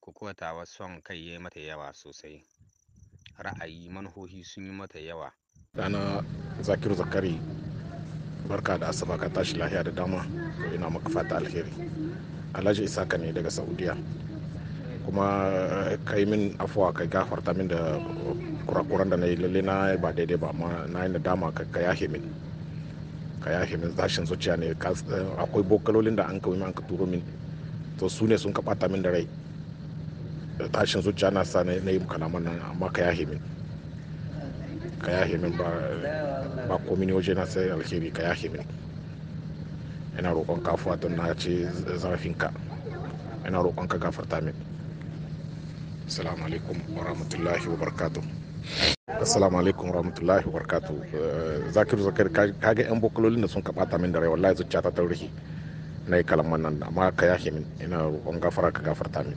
ko kuwa tawa son kai ya mata yawa sosai ra'ayi manhohi sun yi mata yawa dana zakiru zakari barka da asaba ka tashi lahiya da dama to ina maka fata alheri alhaji isaka ne daga saudiya kuma eh, kai min afuwa kai gafarta min da kurakuran da na yi lalle na ba daidai ba amma na yi dama ka yahe min ka yahe min zashin zuciya ne eh, akwai bokalolin da an kawai an ka turo min to su ne sun ka min da rai tashin zuciya na sa na yi kalaman nan amma ka yahe min ka yahe min ba komi ne waje na sai alheri ka yahe min ina roƙon ka afuwa don na ce zarafinka ina roƙon ka gafarta min assalamu alaikum wa rahmatullahi wa barakatuh assalamu alaikum wa rahmatullahi wa barakatuh eh, zakiru zakir kaga yan bokalolin da sun ka bata min da rai wallahi zuciya ta taurihi na yi kalaman nan amma ka yahe min ina roƙon gafara ka gafarta min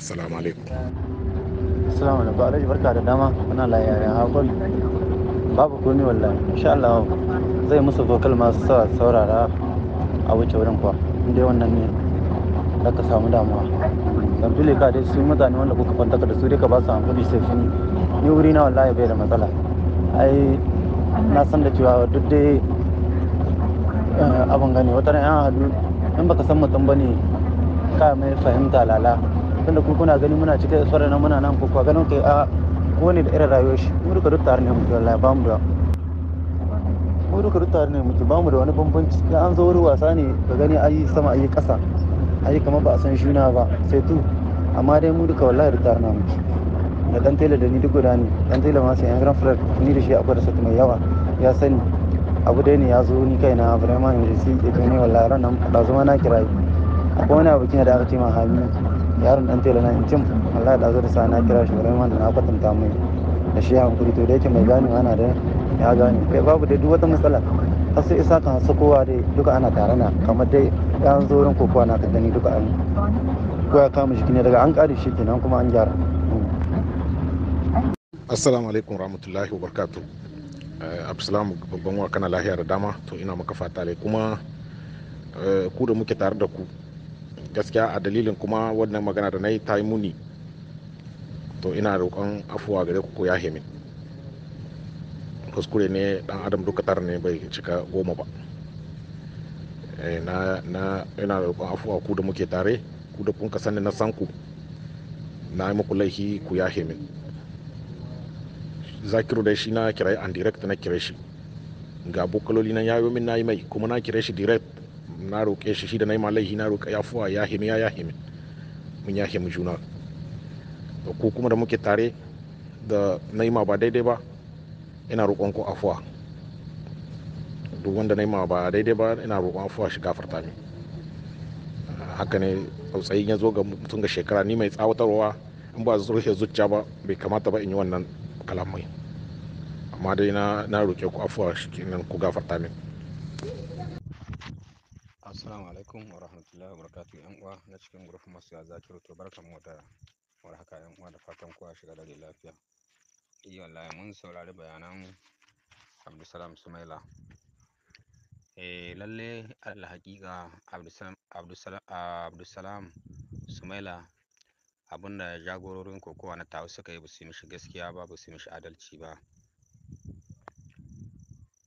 assalamu alaikum assalamu alaikum alhaji barka da dama ana layaya hakuri babu komi insha Allah zai musu vocal masu saurara a wuce wurin kuwa inda wannan ne da ka samu damuwa fili ka dai su mutane wanda kuka kwantaka da su dai ka ba su hankali sai ni wuri na wallahi bai da matsala ai na san da cewa duk dai Eh, abin gani wata na yan ah, haɗu in baka san mutum bane ka mai fahimta lala tunda ku kuna gani muna cikin tsoron nan muna nan kuka ganin kai a ah, kowane da irin rayuwar shi mu duka duk tare ne mutu wallahi ba mu da mu duka duk tare ne mutu ba mu da wani bambanci da an zo wuri wasa ne ka gani ayi sama ayi kasa ayi kamar ba a san juna ba sai tu amma dai mu duka wallahi da tare na mutu da dan tela da ni duk guda ne dan tela ma sai yan grand frère ni da shi akwai da mai yawa ya sani abu dai ne ya zo ni kaina Abdulrahman Idrisi ke to ne wallahi ran nan da zuma na kirayi akwai wani abu kina da aka ce ma Hami yaron dan tela na in cin wallahi da zo da sa na kira shi Abdulrahman da na kwatanta mai da shi hankuri to da yake mai gane ana da ya gane kai babu da duk wata matsala har sai isa kan kowa dai duka ana tare na kamar dai yan zo ran kokowa na ka gani duka an ko ya kama shi ne daga an kare shi kenan kuma an gyara assalamu alaikum warahmatullahi wabarakatuh Eh, absalamu babban wa kana lahiya da dama to ina maka fata lai kuma eh, ku da muke tare da ku gaskiya a dalilin kuma wannan magana da na yi ta yi muni to ina roƙon afuwa gare ku ko ya hemi kuskure ne dan adam duka tara ne bai cika goma ba eh, na na ina roƙon afuwa ku da muke tare ku da kun ka na san ku na yi muku laifi ku ya hemi zakiru da shi na kira an direct na kira shi ga bukaloli na yayo min yi mai kuma na kira shi direct na roƙe shi shi da yi malaihi na roƙe ya fuwa ya himi ya himi mun ya himi juna da ku kuma da muke tare da yi ma ba daidai ba ina roƙon ku afuwa duk wanda yi ma ba daidai ba ina roƙon afuwa shi gafarta min haka ne tsayin ya zo ga mutum ga shekara ni mai tsawatarwa in ba zurfe zuciya ba bai kamata ba in yi wannan kalamai amma dai na roƙe ku afuwa kenan ku gafarta min assalamu alaikum wa rahmatullahi wa barakatuhu yan uwa na cikin gurfin masu ya zakiru to barkan mu da war haka yan uwa da fatan kowa shiga dare lafiya iya eh, wallahi mun saurari bayanan Salam sumaila eh lalle alhaƙiƙa Salam sumaila abin da jagororin kokowa na tawa suka yi ba su yi mishi gaskiya ba ba yi mishi adalci ba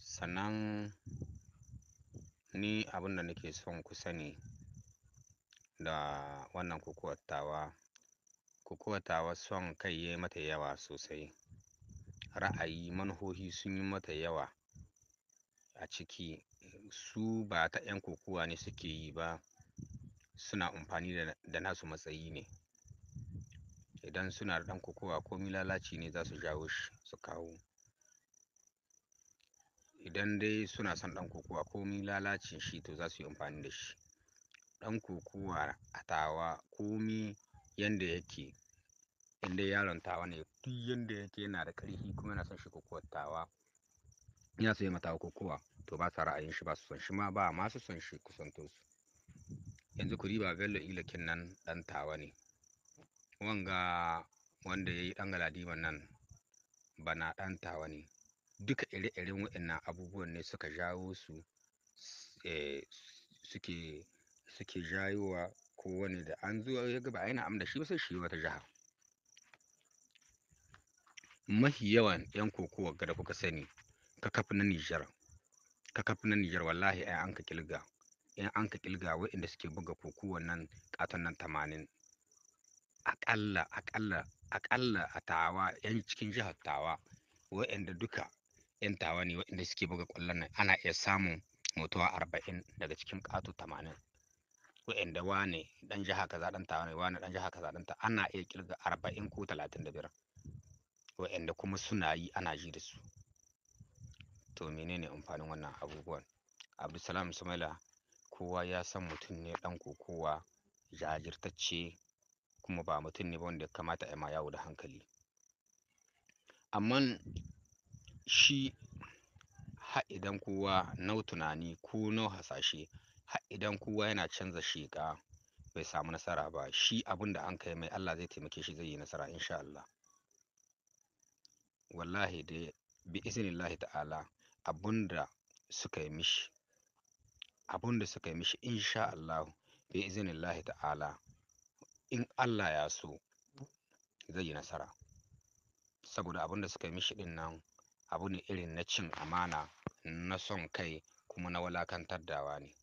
sannan ni abin nake son ku sani da wannan kokowar tawa kokowar tawa son kai ya mata yawa sosai ra'ayi manhohi sun yi mata yawa a ciki su ba ta 'yan kokowa ne suke yi ba suna amfani da nasu matsayi ne idan suna da ɗan kokowa komi lalaci ne za su jawo shi su kawo idan dai suna son ɗan kokowa komi lalacin shi to za su yi amfani da shi ɗan kokowa a tawa komi yanda yake inda yaron tawa ne duk yanda yake yana da ƙarfi kuma yana son shi kokowar tawa yana so ya mata kokowa to ba sa ra'ayin shi ba su son shi ma ba ma su son shi kusantosu. yanzu ku riba bello ilakin nan ɗan tawa ne wanga wanda ya yi ɗan galadiman nan ba na ɗan tawa ne duka ire-iren waɗannan abubuwan ne suka jawo su eh, suke suke jayowa kowane da an zuwa ya gaba yana amda shi ba sai shi wata jaha. mafi yawan 'yan kokowa da kuka sani kakaf na Nijar na Nijar wallahi ai an ka kilga in an ka kilga waɗanda suke buga kokowa nan katon nan tamanin aƙalla aƙalla aƙalla a tawa yan cikin jihar tawa wa'anda duka yan tawa ne wa'anda suke buga ƙwallon nan ana iya samun mutuwa arba'in daga cikin ƙato tamanin wa'anda wane ɗan jiha kaza ɗan tawa ne wane ɗan jiha kaza ɗan ta ana iya kirga arba'in ko talatin da biyar wa'anda kuma suna yi ana ji da su to menene amfanin wannan abubuwan abdulsalam sumaila kowa ya san mutum ne ɗan kokowa jajirtacce kuma ba mutum ne ba wanda ya kamata a ma yawo da hankali amma shi har idan kowa nau tunani ko nau hasashe har idan kowa yana canza sheka bai samu nasara ba shi abin da an kai mai Allah zai taimake shi zai yi nasara insha Allah wallahi da bi iznillahi ta'ala abin suka yi mishi abin suka yi mishi insha Allah bi iznillahi ta'ala in Allah ya so zai yi nasara saboda abin da suka mishi din nan abu ne irin na cin amana na son kai kuma na walakantar dawa ne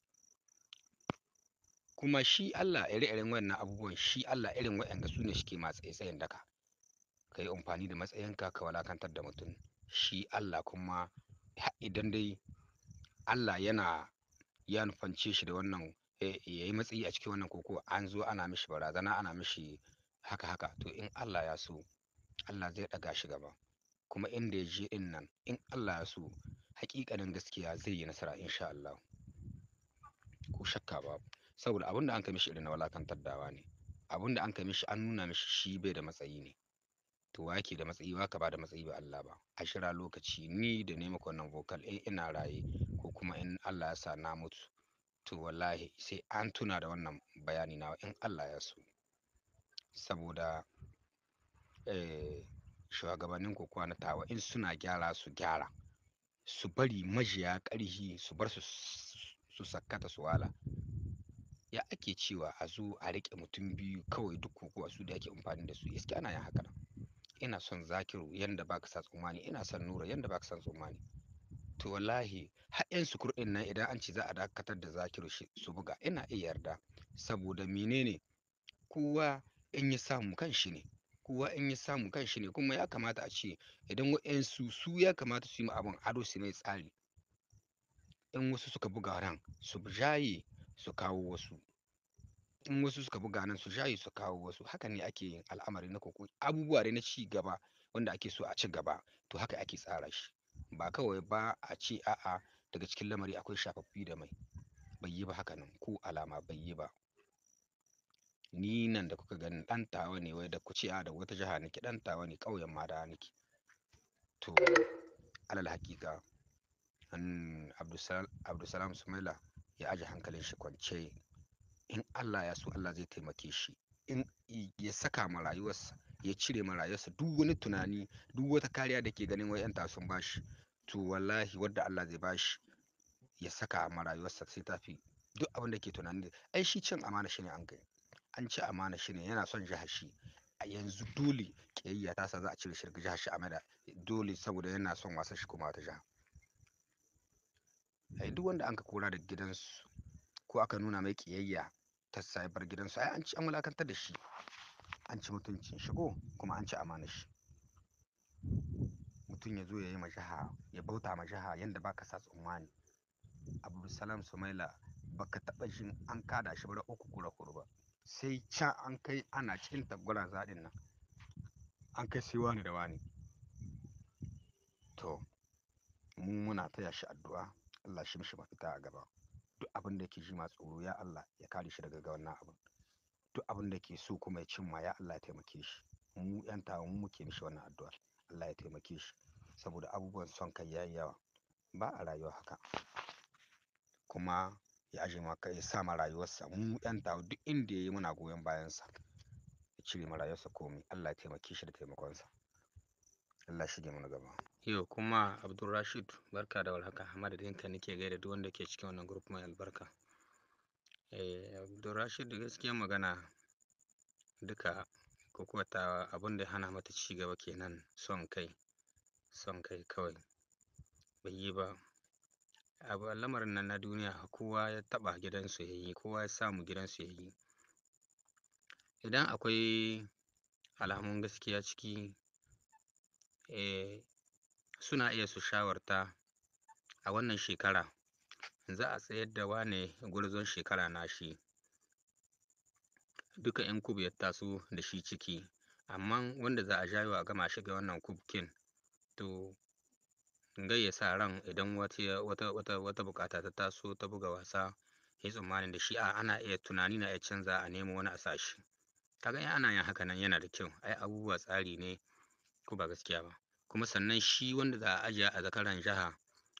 kuma shi Allah ire-iren wannan abubuwan shi Allah irin waɗanda su ne shike masu tsayin daka ka yi amfani da matsayinka ka walakantar da mutum shi Allah kuma idan dai Allah yana ya nufance shi da wannan Eh, ya yi matsayi a cikin wannan kokowa an zo ana mishi barazana ana mishi haka haka to in Allah ya so Allah zai ɗaga shi gaba kuma inda ya je in nan in Allah ya so hakikanin gaskiya zai yi nasara insha Allah ko shakka ba saboda abinda an kai mishi irin na walakantar dawa ne abinda an kai mishi an nuna mishi shi bai da matsayi ne to wa yake da matsayi wa ka ba da matsayi ba Allah ba a shira lokaci ni da nemi wannan vocal in ina raye ko kuma in Allah ya sa na mutu to wallahi sai an tuna da wannan bayani na in Allah ya so saboda eh, shugabannin kokowa na tawa in suna gyara su gyara su bari majiya ƙarhi su bar su su sakkata su wala ya ake cewa a zo a riƙe mutum biyu kawai duk kokowa su da ake amfani da su iske ana yin haka ina son zakiru yanda baka sa tsammani ina son nura yanda baka san tsammani to wallahi har yan sukur din nan idan an ce za a dakatar da zakiru shi su buga ina iya yarda saboda menene kowa in ya samu kan shi ne kowa in ya samu kan shi ne kuma ya kamata a ce idan wa'yansu su ya kamata su yi abin ado su ne tsari in wasu suka buga ran su jaye su kawo wasu in wasu suka buga nan su jaye su kawo wasu haka ne ake yin al'amari na koko abubuwa ne na ci gaba wanda ake so a ci gaba to haka ake tsara shi ba kawai ba a ce a'a daga cikin lamari akwai shafaffi da mai bai yi ba haka nan ko alama bai yi ba ni nan da kuka gani ɗan tawa ne wai da ku ce a da wata jiha nake ɗan tawa ne ƙauyen mada nake to alal hakika an abdulsalam sumaila ya aje hankalin shi kwance in allah ya so allah zai taimake shi in ya saka ma rayuwarsa ya cire ma rayuwarsa duk wani tunani duk wata kariya da ke ganin wai ta sun bashi to wallahi wadda Allah zai bashi ya saka ma rayuwarsa sai tafi duk abin da ke tunani ai shi cin amana shine an kai an ci amana shine yana son jihar shi a yanzu dole kiyayya ta sa za a cire shirka jihar shi mada dole saboda yana son wasan shi kuma wata jiha ai duk wanda an ka kora da gidansu ko aka nuna mai kiyayya ta sabar gidansu ai an ci an wulakantar da shi an ci mutuncin shi ko kuma an ci amanar shi mutum ya zo ya yi majaha ya bauta majaha yadda baka sa tsammani abdulsalam sumaila baka taɓa jin an kada shi bara uku kura kura ba sai can an kai ana cin tabgwara zaɗin nan an kai sai wani da wani to mu muna taya shi addu'a Allah shi mishi mafita a gaba duk abin da yake ji ma tsoro ya Allah ya kare shi daga wannan abin duk abin da ke so kuma ya cimma ya Allah ya taimake shi mu yan mu muke mishi wannan addu'a Allah ya taimake shi saboda abubuwan son kai yayi yawa ba a rayuwa haka kuma ya aje maka ya sa ma rayuwarsa mu yan tawo duk inda yayi muna goyon bayansa ya cire ma rayuwarsa komai Allah ya taimake shi da taimakonsa Allah shige mana gaba yau kuma Abdulrashid barka da warhaka Hamad dinka nake gaida duk wanda ke cikin wannan group mai albarka Eh, Abdulrasheed gaskiyar magana duka ko kuwa ta abin da ya hana mata ci gaba kenan son kai, son kai kawai. Bai yi ba. Abu lamarin nan na duniya kowa ya taɓa gidansu ya yi, kowa ya samu gidansu ya yi. Idan akwai alamun gaskiya ciki, eh, suna iya su shawarta a wannan shekara za a tsayar da wane gurzon shekara shi. duka yan kub ya taso da shi ciki amma wanda za a jayo a gama shiga wannan kubkin to gai ya sa ran idan wata bukata ta taso ta buga wasa ya tsammanin da shi a ana iya tunani na iya canza a nemo wani a sashi kaga in ana yin haka nan yana da kyau ai abubuwa tsari ne ko ba gaskiya ba kuma sannan shi wanda za a ajiye a zakaran jiha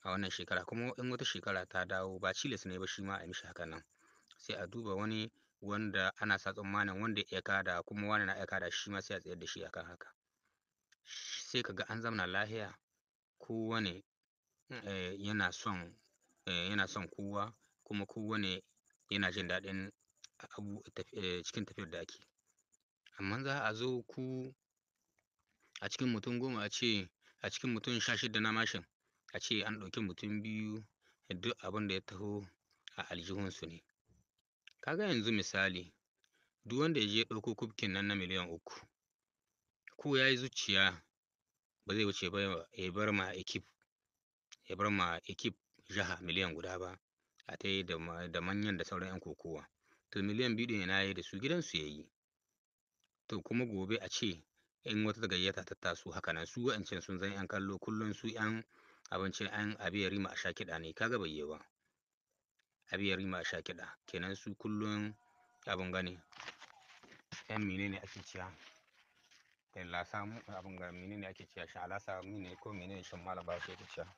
a wannan shekara kuma in wata shekara ta dawo ba cilas ne ba shi ma a mishi haka nan sai a duba wani wanda ana sa tsammanin wanda ya kada kuma wani na ya kada shi ma sai a tsayar da shi akan haka sai ka ga an zamana lahiya ne eh, yana son eh, yana son kowa kuma ne yana jin daɗin abu eh, cikin tafiyar da ake amma za a zo ku a cikin mutum goma a ce a cikin mutum sha shida na mashin a ce an ɗauki mutum biyu duk abin da ya taho a aljihunsu ne kaga yanzu misali duk wanda ya je ɗauko kubkin nan na miliyan uku ko ya yi zuciya ba zai wuce ba ya bar ma ekip ya bar ma ekip jiha miliyan guda ba a ta yi da manyan da sauran 'yan kokowa to miliyan biyu ɗin na yi da su gidansu ya yi to kuma gobe a ce in wata gayyata ta taso haka nan su wa'ancan sun zan 'yan kallo kullum su 'yan abincin an abi ya rima a sha kiɗa ne kaga bai yi ba abi ya rima a sha kiɗa kenan su kullum abin gani yan mine ne ake ciya lasa abin ga mine ne ake ciya shan alasa mine ko mine shan malam ake ciya